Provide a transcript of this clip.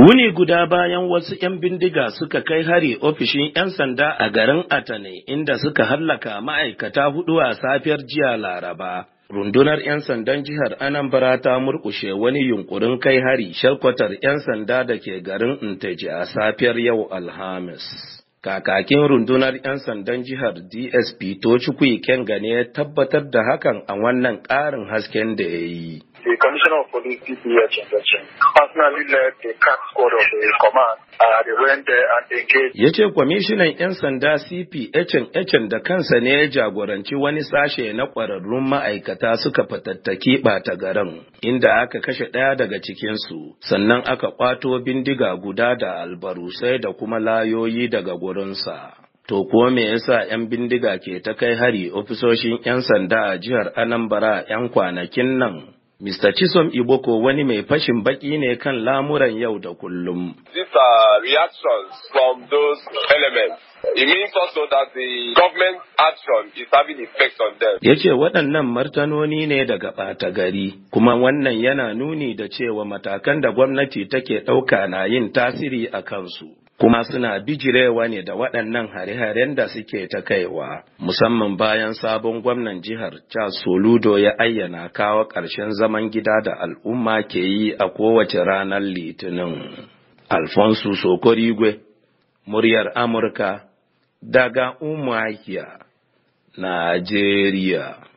Wuni guda bayan wasu 'yan bindiga suka kai hari ofishin 'yan sanda a garin Atane inda suka hallaka ma'aikata hudu a safiyar jiya Laraba. Rundunar 'yan sandan jihar Anambra ta murkushe wani yunkurin kai hari shalkwatar 'yan sanda da ke garin Ntaji a safiyar yau Alhamis. Kakakin rundunar 'yan sandan jihar DSP Tochukwu Kenga ne ya tabbatar da hakan a wannan ƙarin hasken da ya yi. The Commissioner of Police DPH personally led the of the command. Uh, they went there Ya ce kwamishinan 'yan sanda CP HN da kansa ne ya jagoranci wani sashe na ƙwararrun ma'aikata suka fatattaki ɓata garin inda aka kashe ɗaya daga cikinsu sannan aka ƙwato bindiga guda da albarusai da kuma layoyi daga wurinsa. To kuwa me yasa 'yan bindiga ke ta kai hari ofisoshin 'yan sanda a jihar Anambra 'yan kwanakin nan? Mr. Chisom Iboko wani mai fashin baki ne kan lamuran yau da kullum. These are reactions from those elements. It waɗannan martanoni ne daga ɓata gari, kuma wannan yana nuni da cewa matakan da gwamnati take ɗauka na yin tasiri a kansu. kuma suna bijirewa ne da waɗannan hare-haren da suke ta kaiwa musamman bayan sabon gwamnan jihar Charles Soludo ya ayyana kawo ƙarshen zaman gida da al'umma ke yi a kowace ranar litinin. Alfonso Sokorigwe, muryar Amurka, daga Umahiya, Najeriya.